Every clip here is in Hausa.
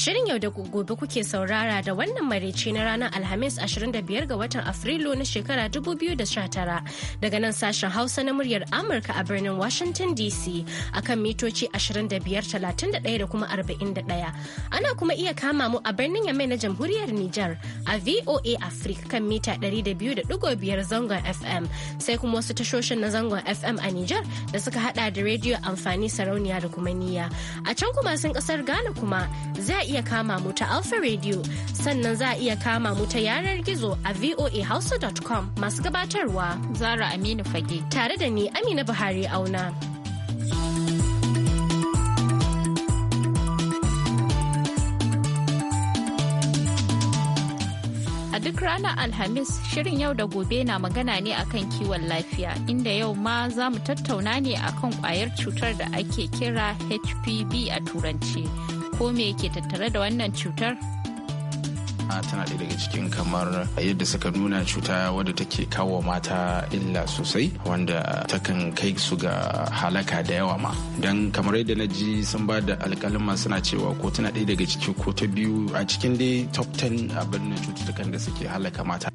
Shirin yau da gobe kuke saurara da wannan marece na ranar Alhamis 25 ga watan Afrilu na shekara 2019 daga nan sashen Hausa na muryar Amurka a birnin Washington DC akan mitoci 25,31 da kuma 41. Ana kuma iya kama mu a birnin Yamai na Jamhuriyar Nijar a VOA Africa kan mita 200.5 zangon FM sai kuma wasu tashoshin na zangon FM a Nijar da suka hada da rediyo amfani sarauniya da kuma niya A can kuma sun kasar Ghana kuma za iya kama mu ta Alpha Radio, sannan za a iya kama mu ta yanar gizo a voahausa.com masu gabatarwa. Zara Aminu Fage. Tare da ni Amina Buhari Auna. duk ranar alhamis shirin yau da gobe na magana ne akan kiwon lafiya inda yau ma za mu tattauna ne akan kwayar cutar da ake kira hpv a turanci ko me yake tattare da wannan cutar? Ah, tana ɗaya daga cikin kamar yadda suka nuna cuta wadda take kawo mata illa sosai wanda takan kai su ga halaka da yawa ma don kamar yadda na ji sun ba da alƙalima suna cewa ko tana ɗaya daga ciki ko ta biyu a cikin dai top 10 abin cututtukan da suke halaka mata.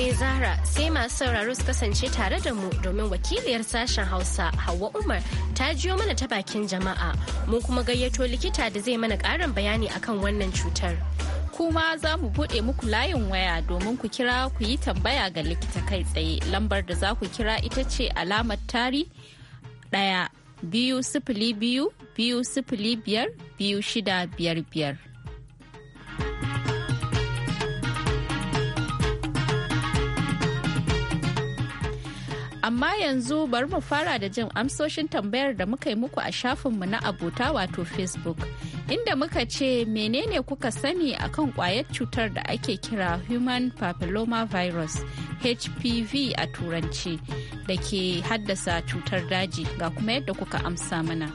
ne Zahra sai masu sauraro su kasance tare da mu domin wakiliyar sashen Hausa Hauwa Umar ta jiyo mana ta bakin jama'a. Mun kuma gayyato likita da zai mana ƙarin bayani akan wannan cutar. kuma za mu buɗe muku layin waya domin ku kira ku yi tambaya ga likita kai tsaye lambar da za ku kira ita ce alamar tari ɗaya biyu sifili biyu biyu sifili biyar biyu shida biyar biyar. amma yanzu bari mu fara da jin amsoshin tambayar da muka yi muku a shafinmu na abota wato facebook inda muka ce menene kuka sani akan kwayar cutar da ake kira human papilloma virus hpv a turanci da ke haddasa cutar daji ga kuma yadda kuka amsa mana.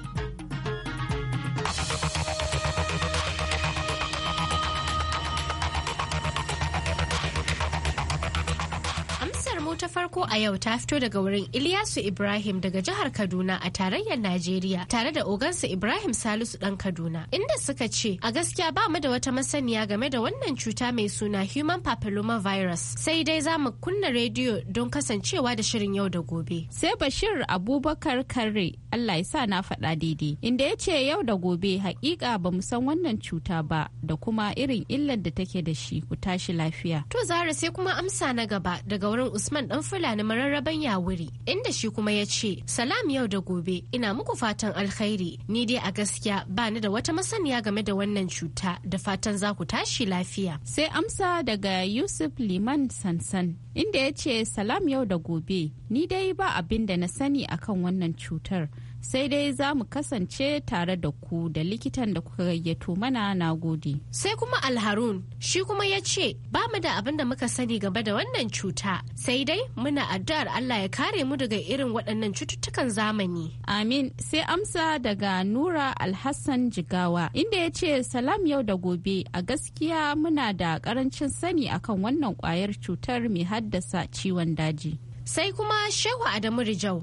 mu ta farko a yau ta fito daga wurin Ilyasu Ibrahim daga jihar Kaduna a tarayyar Najeriya tare da ogansa Ibrahim Salisu dan Kaduna inda suka ce a gaskiya ba mu da wata masaniya game da wannan cuta mai suna human papilloma virus sai dai za mu kunna rediyo don kasancewa da shirin yau da gobe. Sai Bashir Abubakar Kare Allah ya sa na faɗa daidai inda yace yau da gobe hakika ba mu san wannan cuta ba da kuma irin illar da take da shi ku tashi lafiya. To Zara sai kuma amsa na gaba daga wurin Usman Usman dan Fulani mararraban yawuri inda shi kuma ya ce salam yau da gobe ina muku fatan alkhairi ni dai a gaskiya ba ni da wata masaniya game da wannan cuta da fatan za ku tashi lafiya. Sai amsa daga Yusuf Liman Sansan inda ya ce salam yau da gobe ni dai ba abin da na sani akan wannan cutar. sai dai za mu kasance tare da ku da likitan da kuka gayyato mana na gode. Sai kuma Alharun shi kuma ya ce ba mu da abin da muka sani game da wannan cuta sai dai muna addu'ar Allah ya kare mu daga irin waɗannan cututtukan zamani. Amin sai amsa daga Nura Alhassan Jigawa inda ya ce salam yau da gobe a gaskiya muna da ƙarancin sani akan wannan ƙwayar cutar mai haddasa ciwon daji. Sai kuma Shehu Adamu Rijau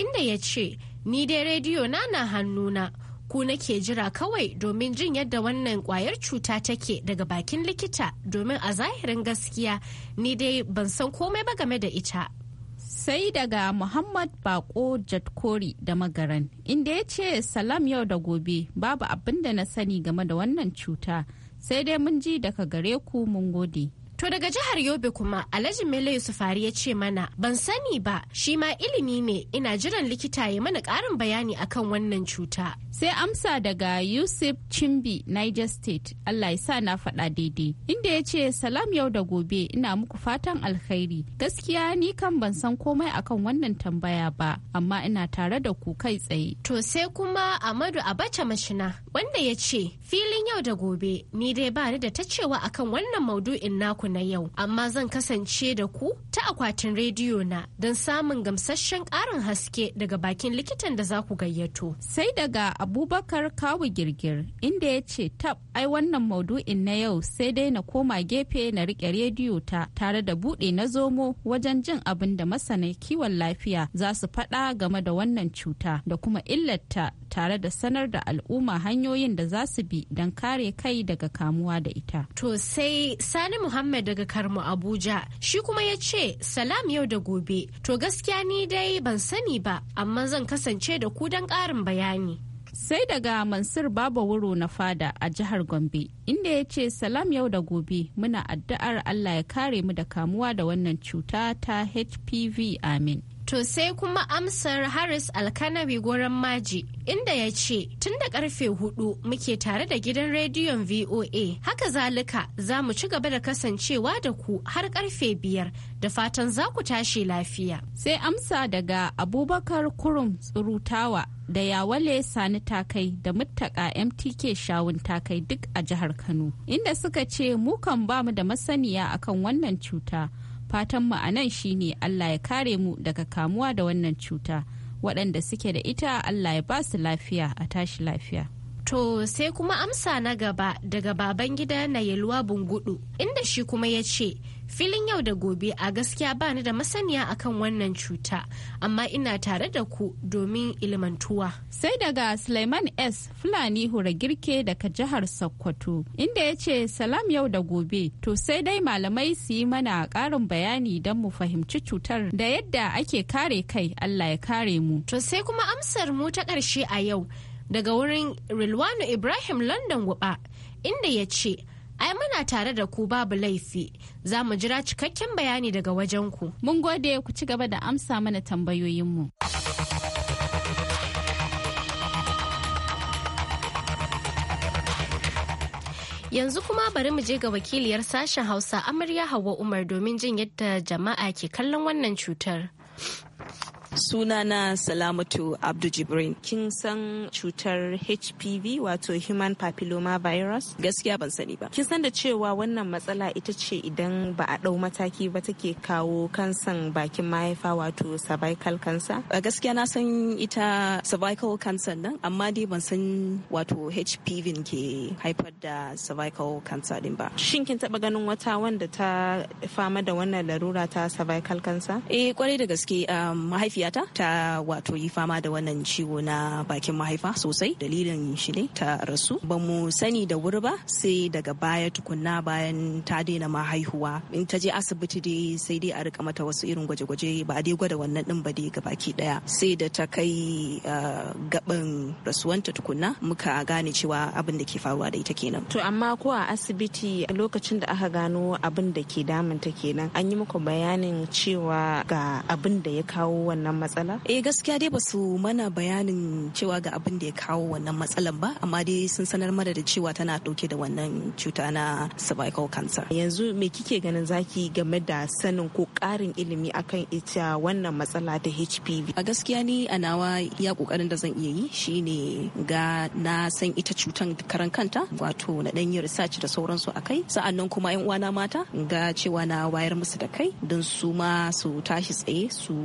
inda ya ce Ni dai rediyo na na hannuna, ku nake jira kawai domin jin yadda wannan kwayar cuta take daga bakin likita domin a zahirin gaskiya ni dai ban san komai ba game da ita. Sai daga Muhammad Bako jadkori da Magaran, inda ya ce salam yau da gobe babu abin da na sani game da wannan cuta, sai dai mun ji daga gare ku mun gode. To daga jihar Yobe kuma Alhaji Mele Yusufari ya ce mana ban sani ba shi ma ilimi ne ina jiran likita ya mana karin bayani akan wannan cuta. Sai amsa daga Yusuf Chimbi Niger State Allah ya sa na faɗa daidai inda ya ce salam yau da gobe ina muku fatan alkhairi gaskiya ni kan ban san komai akan wannan tambaya ba amma ina tare da ku kai tsaye. To sai kuma Amadu Abacha Mashina wanda ya ce filin yau da gobe ni dai ba ni da ta cewa akan wannan maudu'in naku na yau, amma zan kasance da ku ta akwatin rediyo na don samun gamsasshen ƙarin haske daga bakin likitan da za ku gayyato. Sai daga Abubakar Kawu Girgir, inda ya ce tab ai wannan maudu'in na yau sai dai na koma gefe na riƙe rediyo ta tare da buɗe na zomo wajen jin abin da masana kiwon lafiya za su faɗa game da wannan cuta da kuma illarta tare da sanar da al'umma hanyoyin da za su bi don kare kai daga kamuwa da ita. To sai Sani Muhammad daga karmu Abuja. Shi kuma ya ce, Salam yau da gobe. To gaskiya ni dai ban sani ba, amma zan kasance da ku don ƙarin bayani. Sai daga Mansur Baba Wuro na fada a jihar Gombe, inda ya ce salam yau da gobe muna addu'ar Allah ya kare mu da kamuwa da wannan cuta ta HPV amin. To sai kuma amsar Harris alkanabi goron maji inda ya ce tun da karfe hudu muke tare da gidan rediyon VOA. Haka zalika za mu ci gaba da kasancewa da ku har karfe biyar da fatan za ku tashi lafiya. Sai amsa daga Abubakar Kurum Tsurutawa da Yawale Sani Takai da Muttaka MTK Shawun Takai duk a jihar Kano. Inda suka ce mu kan bamu da masaniya akan wannan cuta. fatan mu a nan shine Allah ya kare mu daga kamuwa da wannan cuta waɗanda suke da ita Allah ya ba su lafiya a tashi lafiya. To sai kuma amsa na gaba daga baban gida na yalwa bungudu inda shi kuma ya ce filin yau da gobe a gaskiya ba ni da masaniya akan wannan cuta amma ina tare da ku domin ilmantuwa. Sai daga Suleiman S. Fulani hura girke daga jihar Sokoto inda ya ce salam yau da gobe to sai dai malamai su yi mana karin bayani don mu fahimci cutar da yadda ake kare kai Allah ya kare mu. To sai kuma amsar mu ta ƙarshe a yau. daga wurin Rilwano Ibrahim London Guba inda ya ce, ai muna tare da ku babu laifi za mu jira cikakken bayani daga wajen ku. Mun gode ku ci gaba da amsa mana tambayoyinmu. Yanzu kuma bari mu je ga wakiliyar sashen Hausa Amarya Hauwa Umar domin jin yadda jama'a ke kallon wannan cutar. Sunana Salamatu Abdu Jibrin. Kin san cutar HPV wato Human Papilloma Virus? Gaskiya ban sani ba. Kin san da cewa wannan matsala ita ce idan ba a ɗau mataki ba take kawo kansan bakin mahaifa wato cervical cancer? A gaskiya na san ita cervical cancer nan amma dai ban san wato HPV ke haifar da cervical cancer din ba. Shin kin taba ganin wata wanda ta fama da wannan larura ta cervical cancer? Eh kwarai da gaske um, mahaifiya mahaifiyata ta wato yi fama da wannan ciwo na bakin mahaifa sosai dalilin shi ne ta rasu ba mu sani da wuri ba sai daga baya tukunna bayan ta daina mahaihuwa in ta je asibiti dai sai dai a rika mata wasu irin gwaje-gwaje ba a dai gwada wannan din ba dai baki daya sai da ta kai ah, gaban rasuwanta tukunna muka gane cewa abin da ke faruwa da ita kenan to amma ko a asibiti lokacin da aka gano abin da ke damunta kenan an yi muku bayanin cewa ga abin da ya kawo wannan wannan matsala? Eh gaskiya dai basu mana bayanin cewa ga abin da ya kawo wannan matsalan ba amma dai sun sanar mana da cewa tana dauke da wannan cuta na cervical cancer. Yanzu me kike ganin zaki game da sanin ko karin ilimi akan ita wannan matsala ta HPV? A gaskiya ni a nawa ya kokarin da zan iya yi shine ga na san ita cutan karan kanta wato na dan yi research da sauransu akai sa'annan kuma yan uwana mata ga cewa na wayar musu da kai don su ma su tashi tsaye su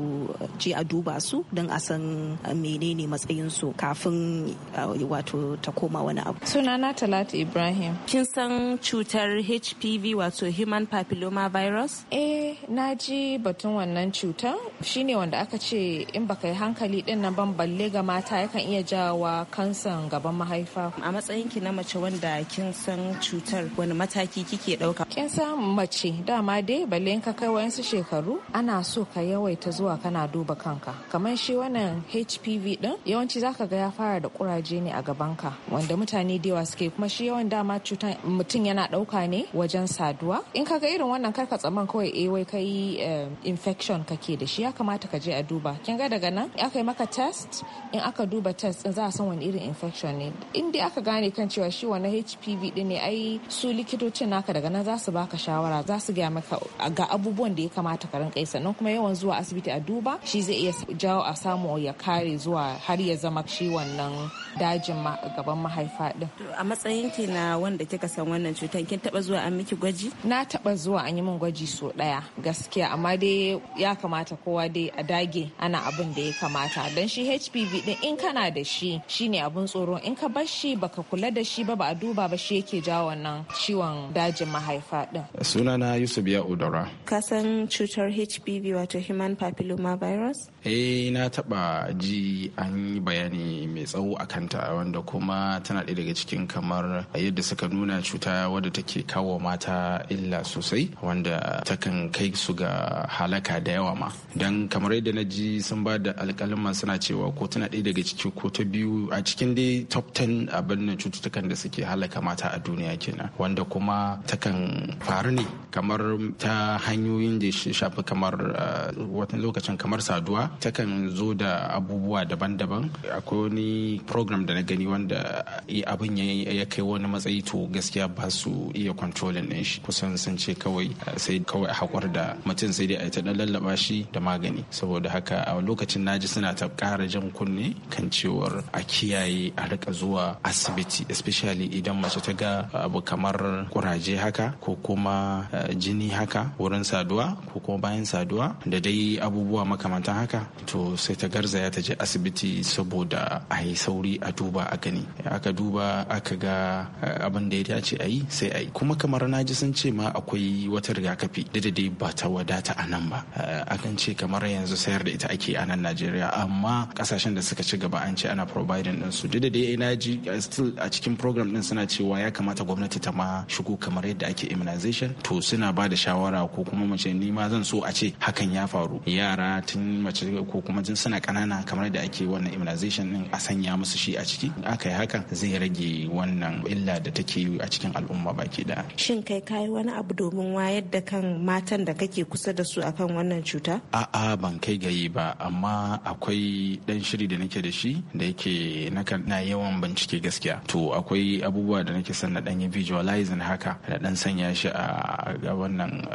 je a duba su don a san uh, menene matsayin su kafin uh, wato ta koma wani abu sunana talatu ibrahim kin san cutar hpv wato human papilloma virus eh na ji batun wannan cutar shine wanda aka ce in baka yi hankali din nan ban balle ga mata yakan iya jawa kansan gaban mahaifa a matsayin ki na mace wanda kin san cutar wani mataki kike ɗauka. kin san mace dama dai balle ka kai wayansu shekaru ana so ka yawaita zuwa kana duba kanka kamar shi wannan hpv din yawanci zaka ga ya fara da kuraje ne a gaban ka wanda mutane da yawa suke kuma shi yawan dama cutan mutum yana dauka ne wajen saduwa in ka ga irin wannan karka tsaman kawai eh wai kai eh, infection kake da shi ya kamata ka je a duba kin ga daga nan aka yi maka test in aka duba test din za a san wani irin infection ne in dai aka gane kan cewa shi wannan hpv din ne ai su likitocin naka daga nan za su baka shawara za su gaya maka ga abubuwan da ya kamata ka rinka sannan kuma yawan zuwa asibiti a duba shi zai iya jawo a samu ya kare zuwa har ya zama shi wannan dajin gaban mahaifa din. A matsayin ki na wanda kika san wannan cutar kin taba zuwa an miki gwaji? Na taba zuwa an yi min gwaji so daya gaskiya amma dai ya kamata kowa dai a dage ana abin da ya kamata dan shi HPV din in kana da shi shine abun tsoro in ka bar shi baka kula da shi ba ba a duba ba shi yake jawo wannan ciwon dajin mahaifa din. Sunana Yusuf Ya'udara. Ka san cutar HPV wato human papilloma virus? tabbas? Eh na taba ji an yi bayani mai tsawo a kanta wanda kuma tana ɗaya daga cikin kamar yadda suka nuna cuta wadda take kawo mata illa sosai wanda takan kai su ga halaka da yawa ma. Don kamar yadda na ji sun ba da alƙalima suna cewa ko tana ɗaya daga ciki ko ta biyu a cikin dai top 10 abin nan cututtukan da suke halaka mata a duniya kenan wanda kuma takan faru ne kamar ta hanyoyin da shafi kamar eh, wata lokacin kamar sadu saduwa takan zo da abubuwa daban-daban akwai wani program da na gani wanda eh, abin ya kai wani matsayi to gaskiya ba su iya controlling din shi kusan sun ce kawai eh, sai kawai haƙur da mutum sai dai a ta lallaba shi da magani saboda haka a lokacin naji suna ta kara jan kunne kan cewar a kiyaye a rika zuwa asibiti especially idan mace ta ga abu kamar kuraje haka ko kuma eh, jini haka wurin saduwa ko kuma bayan saduwa da dai abubuwa makamantan haka to sai ta garzaya ta je asibiti saboda a yi sauri a duba a gani aka duba aka ga eh, abin da ya dace a yi sai a yi kuma kamar na ji sun ce ma akwai wata rigakafi da dai ba ta wadata a nan ba eh, akan ce kamar yanzu sayar da ita ake a nan najeriya amma kasashen da suka ci gaba an ce ana providing din su daidai da na ji eh, still a cikin program din suna cewa ya kamata gwamnati ta ma shigo kamar yadda ake immunization to suna ba da shawara ko kuma mace ni ma zan so a ce hakan ya faru yara tun mace ko kuma jin suna ƙanana kamar da ake wannan immunization din a sanya musu shi a ciki aka yi hakan zai rage wannan illa da take yi a cikin al'umma baki da shin kai kai wani abu domin wayar da kan matan da kake kusa da su akan wannan cuta a'a ban kai gayi ba amma akwai dan shiri da nake da shi da yake na yawan bincike gaskiya to akwai abubuwa da nake son na dan yi visualizing haka da dan sanya shi a wannan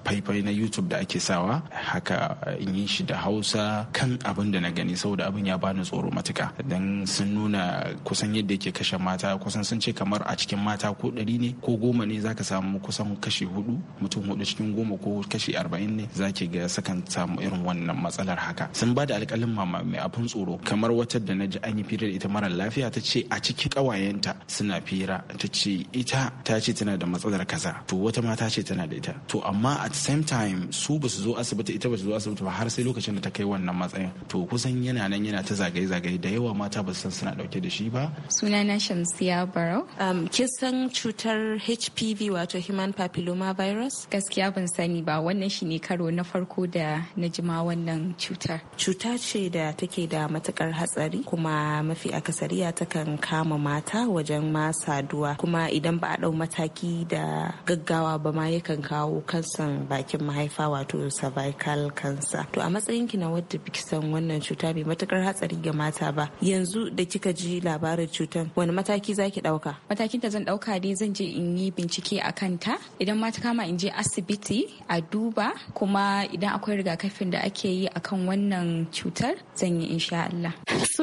faifai na youtube da ake sawa haka in yi shi da hau hausa kan abin da na gani saboda abin ya bani tsoro matuka dan sun nuna kusan yadda yake kashe mata kusan sun ce kamar a cikin mata ko ɗari ne ko goma ne zaka samu kusan kashi hudu mutum hudu cikin goma ko kashi arba'in ne zaki ga sakan samu irin wannan matsalar haka sun ba da alƙalin mama mai abin tsoro kamar wata da na ji an yi fira da ita mara lafiya ta ce a cikin kawayenta suna fira ta ce ita ta ce tana da matsalar kaza to wata mata ta ce tana da ita to amma at same time su ba su zo asibiti ita ba su zo asibiti ba har sai lokacin da ta kai wannan matsayin to kusan yana nan yana ta zagaye-zagaye da yawa mata ba san suna dauke da shi ba sunana shamsiya barau um, kin san cutar hpv wato human papilloma virus gaskiya ban sani ba wannan shi ne karo na farko da na jima wannan cutar cuta ce da take da matukar hatsari kuma mafi akasariya takan kama mata wajen ma saduwa kuma idan ba a dau mataki da gaggawa ba ma yakan kawo kansan bakin mahaifa wato cervical cancer to a matsayin kina wadda biki san wannan cuta bai matukar hatsari ga mata ba yanzu da kika ji labarin cutar wani mataki zaki dauka matakin da zan dauka ne zan je in yi bincike a kanta idan ma kama in je asibiti a duba kuma idan akwai rigakafin da ake yi akan wannan cutar zan yi insha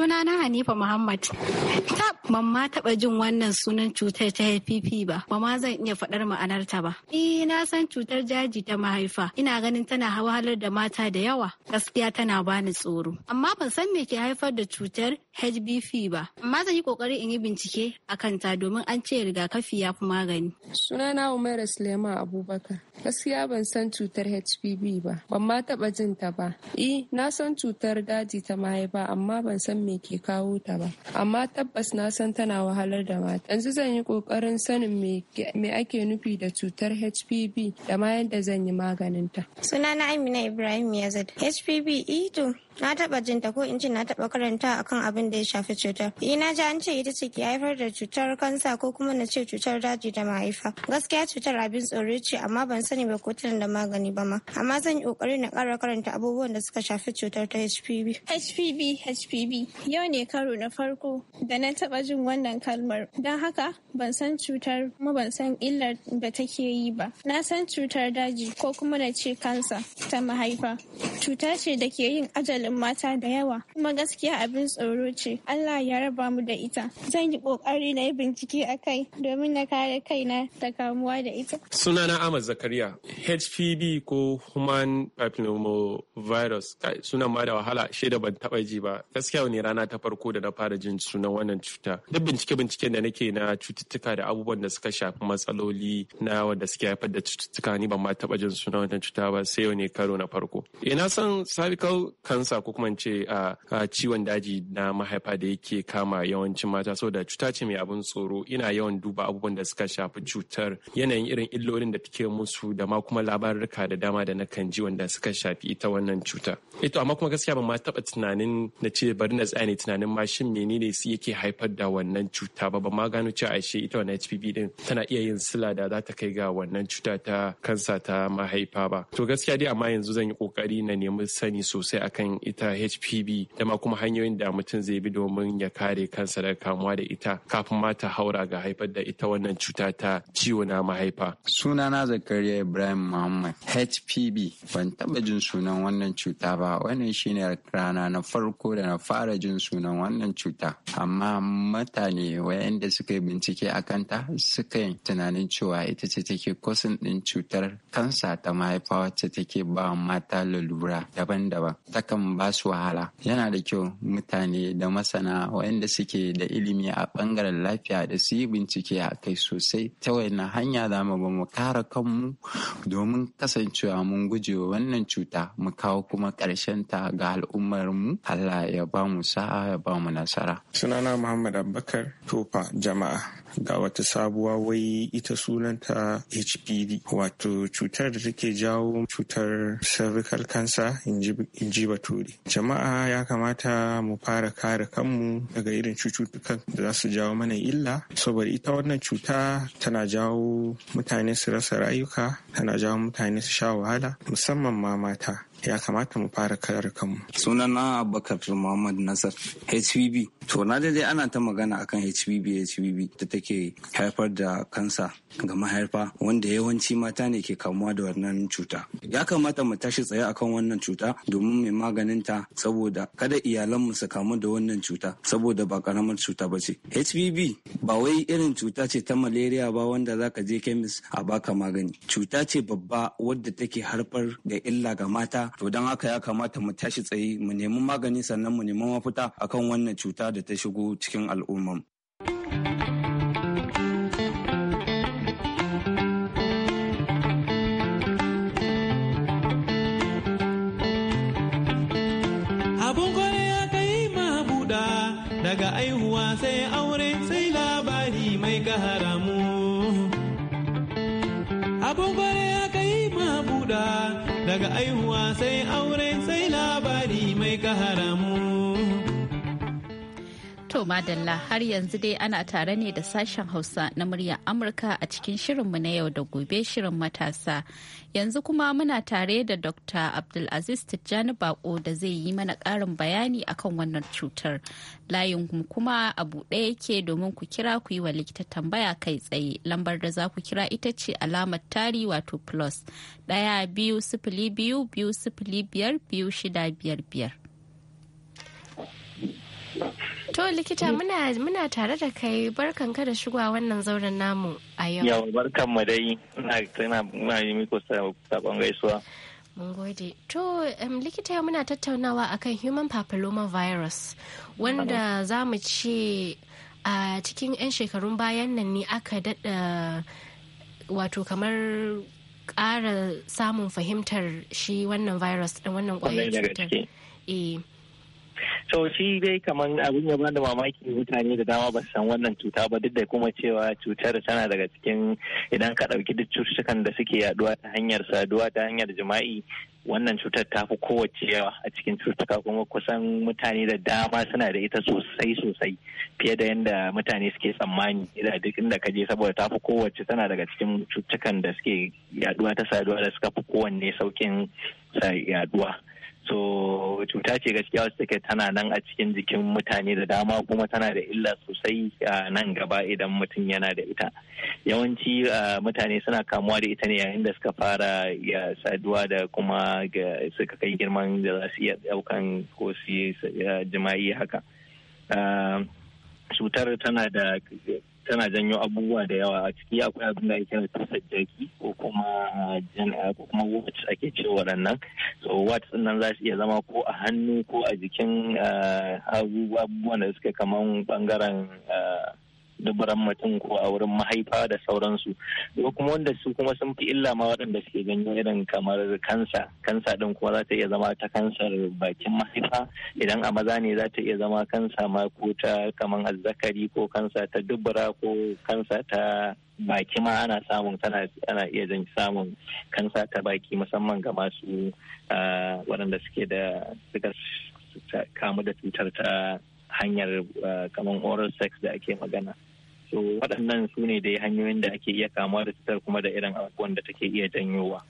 Allah na Hanifa Muhammad ta mamma taba jin wannan sunan cutar ta HPV ba ba zan iya faɗar ma'anarta ba ni na san cutar jaji ta mahaifa ina ganin tana halar da mata da yawa gaskiya gaskiya tana bani tsoro. Amma ban san me ke haifar da cutar HBV ba. Amma zan yi kokari in yi bincike a kanta domin an ce rigakafi ya fi magani. Sunana Umaira Suleiman Abubakar. gaskiya ban san cutar hpv ba ban ma taba jin ta ba i e, na san cutar daji ta mahaifa amma ban san me ke kawo ta ba amma tabbas na san tana wahalar da mata yanzu zan yi kokarin sanin me ake nufi da cutar hpv da ma yadda zan yi maganin ta sunana amina ibrahim yazid hpv ito na taba jinta ko in ce na taba karanta akan abin da ya shafi cutar ina eh, ji an ce ita ce ke haifar da cutar kansa ko kuma na ce cutar daji da mahaifa gaskiya cutar abin tsoro ce amma ban sani ba ko da magani ba ma amma zan yi kokari na kara karanta abubuwan da suka shafi cutar ta HPV HPV HPV yau ne karo na farko da na taba jin wannan kalmar don haka ban san cutar kuma ban san illar da take yi ba na san cutar daji ko kuma na ce kansa ta mahaifa cuta ce da ke yin ajal hankalin mata da yawa kuma gaskiya abin tsoro ce Allah ya raba mu da ita zan yi kokari na yi bincike a kai domin na kare kaina da kamuwa da ita sunana Ahmad Zakariya HPV ko human papillomavirus sunan ma da wahala shaida ban taba ji ba gaskiya ne rana ta farko da na fara jin sunan wannan cuta duk bincike binciken da nake na cututtuka da abubuwan da suka shafi matsaloli na wanda suke haifar da cututtuka ni ban ma taba jin sunan wannan cuta ba sai yau ne karo na farko ina eh, san cervical cancer kansa ko kuma ce a ciwon daji na mahaifa da yake kama yawancin mata saboda cuta ce mai abin tsoro ina yawan duba abubuwan da suka shafi cutar yanayin irin illolin da take musu da ma kuma labarurka da dama da na kan ji wanda suka shafi ita wannan cuta ito eh amma kuma gaskiya ban ma taba tunanin na ce bari na tsaya ne tunanin ma shin menene su yake haifar da wannan cuta ba ban ma gano cewa ashe ita wannan HPV din tana iya yin sila da za ta kai ga wannan cuta ta kansa ta mahaifa ba to gaskiya dai amma yanzu zan yi kokari na nemi sani sosai akan ita HPV da ma kuma hanyoyin da mutum zai bi domin ya kare kansa daga kamuwa da ita kafin ma ta haura ga haifar da ita wannan cuta ta ciwo na mahaifa. Sunana Zakariya Ibrahim Muhammad HPV ban taba jin sunan wannan cuta ba wannan shine rana na farko da na fara jin sunan wannan cuta amma mutane wayanda suka yi bincike a kanta suka yi tunanin cewa ita ce take kosin din cutar kansa ta mahaifa wacce take ba mata lalura daban-daban takan ba su wahala yana da kyau mutane da masana waɗanda suke da ilimi a ɓangaren lafiya da su yi bincike a kai sosai ta wannan hanya za mu ba mu kare kanmu domin kasancewa mun guje wa wannan cuta mu kawo kuma ƙarshen ta ga al'ummar mu Allah ya ba mu sa'a ya ba mu nasara sunana Muhammad Abubakar tofa jama'a ga wata sabuwa wai ita sunanta HPV wato cutar da take jawo cutar cervical cancer in ji batu wuri jama'a ya kamata mu fara kare kanmu daga irin cututtukan da za su jawo mana illa saboda ita wannan cuta tana jawo mutane su rasa rayuka tana jawo mutane su sha wahala musamman ma mata ya kamata mu fara kalar kanmu. Sunana Abubakar Muhammad Nasar HPV. To na daidai ana ta magana akan HPV HPV da take haifar da kansa ga mahaifa wanda yawanci mata ne ke kamuwa da wannan cuta. Ya kamata mu tashi tsaye akan wannan cuta domin mai maganin ta saboda kada iyalan mu su kamu da wannan cuta saboda ba karamar cuta ba ce. HPV ba wai irin cuta ce ta malaria ba wanda zaka je kemis a baka magani. Cuta ce babba wadda take harfar da illa ga mata to don haka ya kamata mu tashi tsaye mu nemi magani sannan mu nemi mafita akan wannan cuta da ta shigo cikin al'ummar. daga aihuwa sai aure sai labari mai kahara say sai Madalla har yanzu dai ana tare ne da sashen Hausa na muryar Amurka a cikin shirinmu na yau da gobe shirin matasa. Yanzu kuma muna tare da Dr. Abdulaziz Tijjani Bako da zai yi mana ƙarin bayani akan wannan cutar. Layin kuma a buɗe yake domin ku kira ku yi wa likita tambaya kai tsaye. Lambar da za ku kira ita ce alamar tari wato plus. Ɗaya biyu sifili biyu biyu sifili biyar biyu shida biyar biyar. To likita muna muna tare da kai barkan ka da shigowa wannan zauren namu a yau. yau barkan mu dai ina tana muna yi miko sabon gaisuwa. Mun gode. To um, likita muna tattaunawa akan human papilloma virus wanda za mu ce a cikin 'yan shekarun bayan nan ne aka daɗa wato kamar ƙara samun fahimtar shi wannan virus din wannan ƙwayar cutar. Eh. so shi dai kamar abin ya da mamaki mutane da dama ba san wannan cuta ba duk da kuma cewa cutar tana daga cikin idan ka ɗauki duk cututtukan da suke yaduwa ta hanyar saduwa ta hanyar jima'i wannan cutar ta fi kowace yawa a cikin cututtuka kuma kusan mutane da dama suna da ita sosai sosai fiye da yadda mutane suke tsammani da duk inda ka je saboda ta fi kowace tana daga cikin cutukan da suke yaduwa ta saduwa da suka fi kowanne saukin yaduwa. so cuta ce gaskiya wasu take tana nan a cikin jikin mutane da dama kuma tana da illa sosai a nan gaba idan mutum yana da ita yawanci mutane suna kamuwa da ita ne yayin da suka fara ya saduwa da kuma suka kai girman da za su iya daukan ko su jima'i haka cutar tana da tana janyo abubuwa da yawa a ciki akwai abin da ake tasar jaki ko kuma jan'a eh, ko kuma wat ake ce waɗannan so watch nan za su iya zama ko a hannu ko a jikin eh, abubuwan da suke kaman bangaren eh, dubaran mutum ko a wurin mahaifa da sauransu ko kuma wanda su kuma sun fi illa ma waɗanda suke ganin irin kamar kansa kansa din kuma za ta iya zama ta kansar bakin mahaifa idan a maza ne za ta iya zama kansa ma ko ta kamar azzakari ko kansa ta dubura ko kansa ta baki ma ana samun tana ana iya jin samun kansa ta baki musamman ga masu waɗanda suke da suka kamu da cutar ta hanyar kamar oral sex da ake magana. so waɗannan su ne dai hanyoyin da ake iya kamuwa da cutar kuma da irin abubuwan da take iya janyowa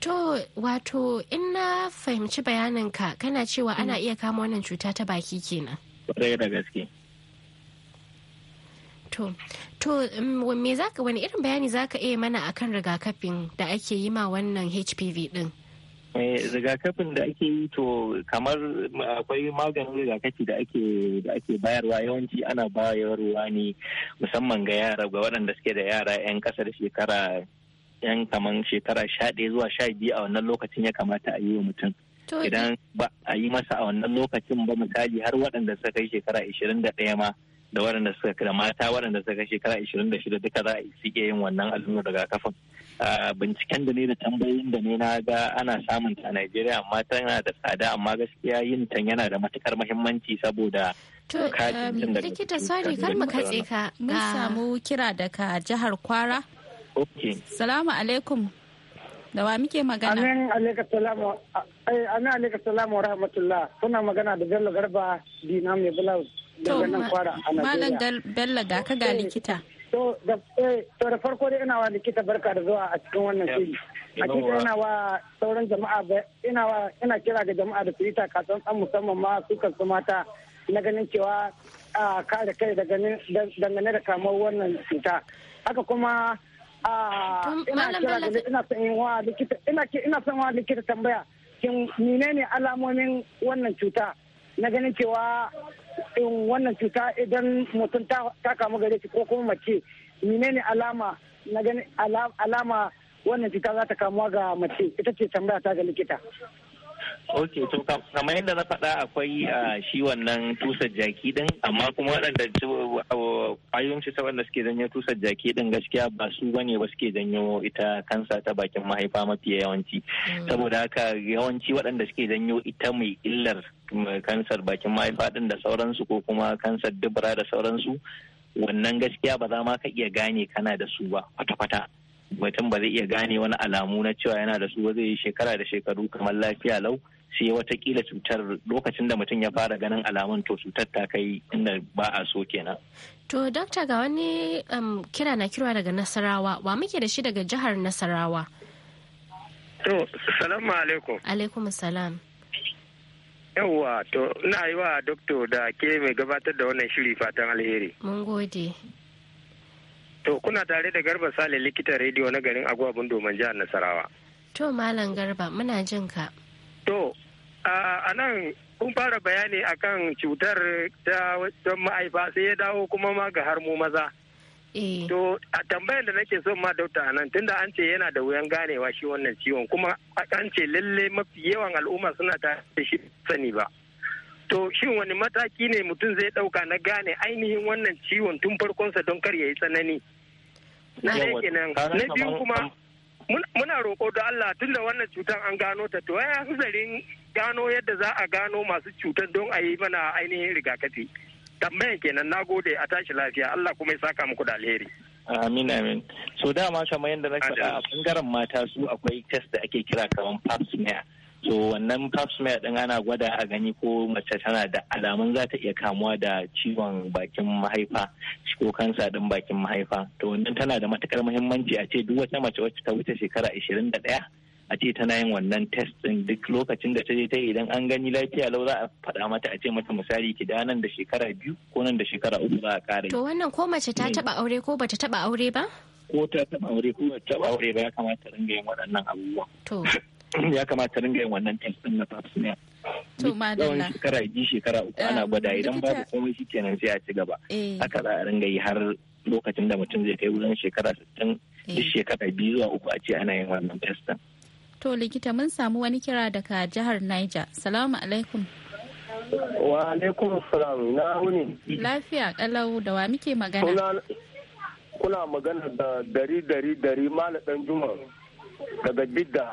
To wato in na fahimci bayaninka kana cewa ana mm. iya kama wannan cuta ta baki kenan. Kwarai da gaske. To, to um, me zaka wani irin bayani zaka iya mana akan rigakafin da ake yi ma wannan HPV din? Eh, rigakafin da ake yi to kamar akwai maganin rigakafi da ake da ake bayarwa yawanci ana bayarwa ne musamman ga yara ga waɗanda suke da yara 'yan ƙasa da shekara 'yan kaman shekara sha ɗaya zuwa sha biyu a wannan lokacin ya kamata a yi wa mutum idan ba a yi masa a wannan lokacin ba misali har waɗanda suka kai shekara ishirin da ɗaya ma da waɗanda suka da mata waɗanda suka shekara 26 duka za a iya yin wannan allurar rigakafin binciken da ne da tambayoyin da ne na ga ana samun ta a Najeriya amma tana da tsada amma gaskiya yin ta yana da matukar muhimmanci saboda to um, likita sorry kar mu katse ka mun ah. samu kira daga jihar Kwara salamu alaikum da wa muke magana amin alaikum salamu eh, wa rahmatullah suna magana da Bello Garba Dina mai blouse daga Malam Bello ga ka ga eh, likita. Eh, to da farko dai ina wa likita barka da zuwa a cikin wannan shiri. cikin ina wa sauran jama'a ina wa ina kira ga jama'a da firita kasan san musamman ma su su mata na ganin cewa a kare kai dangane da kamar wannan cuta. Haka kuma ina kira ga son likita ina son wa likita tambaya. Kin menene alamomin wannan cuta? na ganin cewa wannan cuta idan mutum ta kamu gare shi ko kuma mace ne alama na ganin alama wannan cuta za ta kamuwa ga mace ita ce tambaya ta ga likita ok to kamar yadda na faɗa akwai ah, shi wannan tusar jaki din amma kuma waɗanda ah, ƙwayoyin cuta wanda suke janyo tusar jaki din gaskiya ba su bane ba suke janyo ita kansa ta bakin mahaifa mafi yawanci hmm. saboda haka yawanci waɗanda suke janyo ita mai illar mm, kansar bakin mahaifa din da sauransu ko kuma kansar dubura da sauransu wannan gaskiya ba za ma ka iya gane kana da su ba kwata-kwata mutum ba zai iya gane wani alamu na cewa yana da su ba zai yi shekara da shekaru kamar lafiya lau sai watakila cutar lokacin da mutum ya fara ganin alamun to cutar ta kai inda ba a so kenan. To, dokta ga wani um, kira na kirwa daga Nasarawa, wa muke da shi daga jihar Nasarawa? To, salamu alaikum. Alaikum salam. Yawwa, to, ina yi wa dokta da ke mai gabatar da wannan shiri fatan alheri. Mun gode. To, kuna tare da Garba Sale likitan rediyo na garin Agwabun Domin jihar Nasarawa. To, Malam Garba, muna jin ka. To, a nan kun fara bayani akan cutar ta don ma'aifa sai ya dawo kuma ma ga har mu maza. Eh. To, a tambayar da nake son ma dauta nan tunda an ce yana da wuyan ganewa shi wannan ciwon kuma an ce lalle mafi yawan al'umma suna ta da shi sani ba. To, shin wani mataki ne mutum zai dauka na gane ainihin wannan ciwon tun farkonsa don kar ya yi tsanani? Na nan na biyu kuma. muna roƙo da Allah tun da wannan cutar an gano ta to ya zarin gano yadda za a gano masu cutar don a yi mana ainihin rigakafi tambayan kenan na gode a tashi lafiya Allah kuma ya saka muku da alheri amin amin so dama kamar yadda na faɗa a bangaren mata su akwai test da ake kira kamar pap smear so wannan pap smear din ana gwada a gani ko mace tana da alamun za ta iya kamuwa da ciwon bakin mahaifa ko kansa din bakin mahaifa to wannan tana da matukar muhimmanci a ce duk wata mace wacce ta wuce shekara 21 a ce tana yin wannan test din duk lokacin da ta je ta idan an gani lafiya lau za a faɗa mata a ce mata misali ki da nan da shekara biyu ko nan da shekara uku za a ƙara to wannan ko mace ta taɓa aure ko bata taɓa aure ba ko ta taɓa aure ko bata taɓa aure ba ya kamata ringa yin waɗannan abubuwa to ya kamata ringa yin wannan test din na pap smear to madalla shekara biyu shekara uku ana um, gwada idan babu komai kenan sai a ci gaba eh. haka za a ringa yi har lokacin da mutum zai kai wurin shekara sittin eh. duk shekara biyu zuwa uku a ce ana yin wannan test din to likita mun samu wani kira daga jihar Niger salamu alaikum wa alaikum salam na wuni lafiya kalau da wa muke magana kuna magana da dari dari dari dan juma daga bidda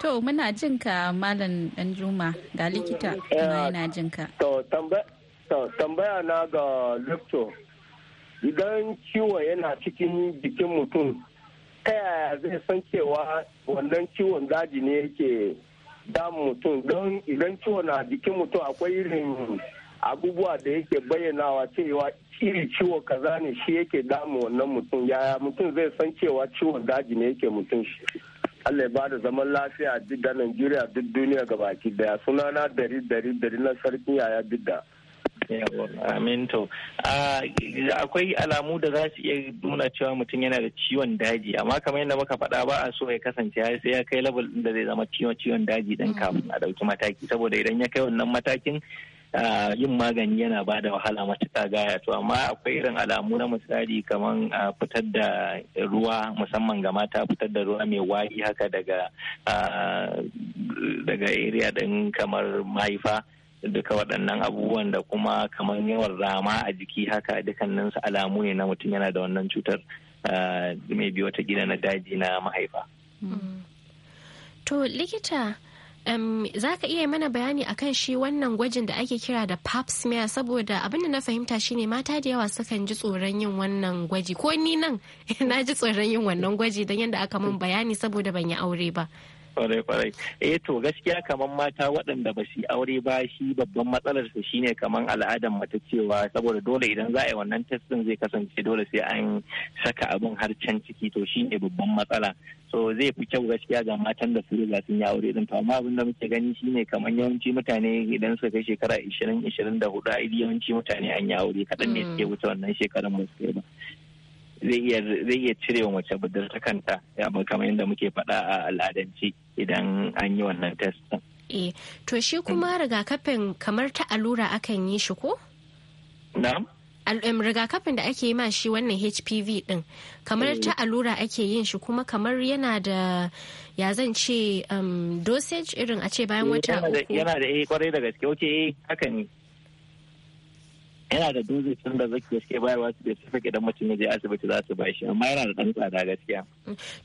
To muna jin ka Malam Danjuma ga likita kuma yana jin ka. To tambaya na ga lokto idan ciwon yana cikin jikin mutum ta yaya zai san cewa wannan ciwon daji ne yake damun mutum don idan ciwon na jikin mutum akwai irin abubuwa da yake bayyanawa cewa iri ciwo kaza ne shi yake damun wannan mutum yaya mutum zai san cewa ciwon daji ne yake mutum shi. Allah ya ba da zaman lafiya a duk da Najeriya duk duniya gabaki daya sunana dari dari dari na sarkin yaya duk da. amin to akwai alamu da za su iya nuna cewa mutum yana da ciwon daji amma kamar yadda muka faɗa ba a so ya kasance har sai ya kai level da zai zama ciwon daji ɗin kafin a ɗauki mataki saboda idan ya kai wannan matakin yin magani yana ba da wahala matuka gaya to amma akwai irin alamu na misali kamar fitar da ruwa musamman ga mata fitar da ruwa mai wari haka daga daga area din kamar mahaifa duka waɗannan abubuwan da kuma kamar yawan rama a jiki haka su alamu ne na mutum yana da wannan cutar mai biyu wata gida na daji na mahaifa. Hmm. To likita Um, za ka iya mana bayani a kan shi wannan gwajin da ake kira da pap smear saboda abin da na fahimta shine mata da yawa sukan ji tsoron yin wannan gwaji ko ni nan na ji tsoron yin wannan gwaji don yadda aka min bayani saboda ban yi aure ba kwarai kwarai eh to gaskiya kaman mata waɗanda ba su aure ba shi babban matsalar su shine kamar al'adar mata cewa saboda dole idan za a yi wannan testin zai kasance dole sai an saka abin har can ciki to shine babban matsala so zai fi kyau gaskiya ga matan da su riga sun yi aure din to amma abin da muke gani shine kaman yawanci mutane idan suka kai shekara 20 24 yawanci mutane an yi aure kaɗan ne mm. suke wuce wannan shekarun ba su ba zai iya zai iya cire wa mace budurta kanta ya kamar yadda muke faɗa a al'adance idan an yi wannan test eh to shi kuma mm. rigakafin kamar ta allura akan yi shi ko na'am rigakafin da ake yi ma shi wannan hpv din kamar ta eh. allura ake yin shi kuma kamar yana da ya zan ce dosage irin a ce bayan eh, wata uku yana da eh kwarai da gaske oke hakan haka ne yana da dozin tun da zaki gaske bayarwa su specific idan mutum ya asibiti za su ba shi amma yana da dan tsada gaskiya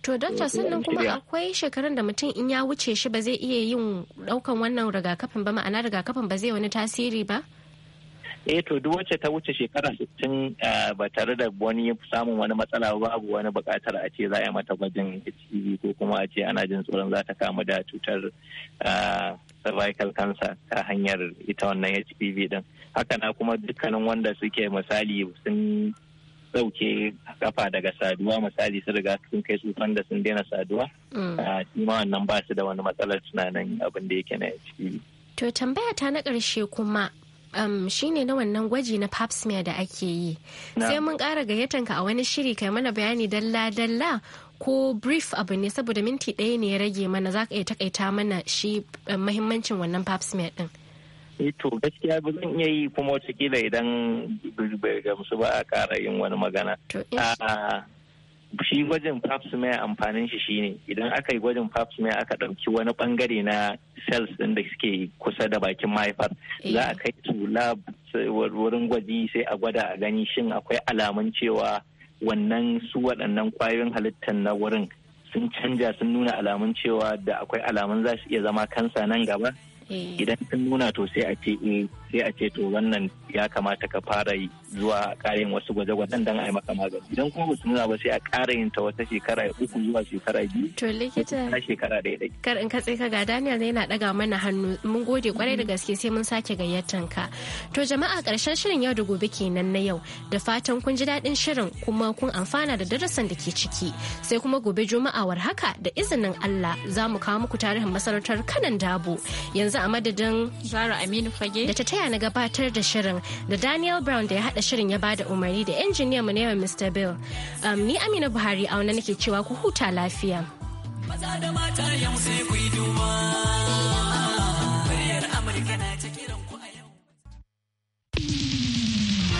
to ta sannan kuma akwai shekarun da mutum in ya wuce shi ba zai iya yin daukan wannan rigakafin ba ma'ana rigakafin ba zai wani tasiri ba eh to duk wacce ta wuce shekara 60 eh, ba tare da wani samun wani matsala ba babu wani bukatar a ce za a yi mata gwajin HIV ko kuma a ce ana jin tsoron za ta kamu da cutar eh, cervical cancer ta hanyar ita wannan HPV din haka na kuma dukkanin wanda suke misali sun sauke kafa daga saduwa misali sun riga sun kai tsufan da sun daina saduwa mm. a ah, ma wannan ba su da wani matsalar tunanin abin da yake na ciki to tambaya ta na ƙarshe kuma um, ne na wannan gwaji na pap smear da ake yi sai mun ƙara ka a wani shiri kai mana bayani dalla-dalla ko brief abu ne saboda minti ɗaya ne ya rage mana za ka iya takaita mana shi eh, mahimmancin wannan pap smear din Eh, to gaskiya ba zan iya yi kuma watakila idan bai gamsu ba a ƙara yin wani magana ah, shi gwajin pap smear amfanin shi shine idan aka yi gwajin pap smear aka ɗauki wani bangare na cells ɗin da suke kusa da bakin mahaifar eh. za a kai su lab wurin gwaji sai a gwada a gani shin akwai alamun cewa wannan su waɗannan kwayoyin halittar na wurin sun canja sun nuna alamun cewa da akwai alamun za su iya zama kansa nan gaba Eh. idan sun nuna to sai a ce eh sai a ce to wannan ya kamata ka fara zuwa karin wasu gwaje-gwajen don a yi maka magani idan kuma ba su nuna ba sai a ƙara yin ta wata shekara uku zuwa shekara biyu to likita na shekara ɗaya ɗaya kar in ka ka ga Daniel yana ɗaga mana hannu mun gode kwarai da gaske sai mun sake gayyatan ka to jama'a karshen shirin yau da gobe kenan na yau da fatan kun ji daɗin shirin kuma kun amfana da darasin da ke ciki sai kuma gobe juma'a war haka da izinin Allah za mu kawo muku tarihin masarautar kanan dabo yanzu a madadin Zara Aminu Fage da ta taya na gabatar da shirin da Daniel Brown da ya haɗa shirin ya bada umarni da injiniyan mu na Mr. Bill. Um, ni Amina Buhari auna nake cewa ku huta lafiya. Maza da mata yau sai ku yi duba.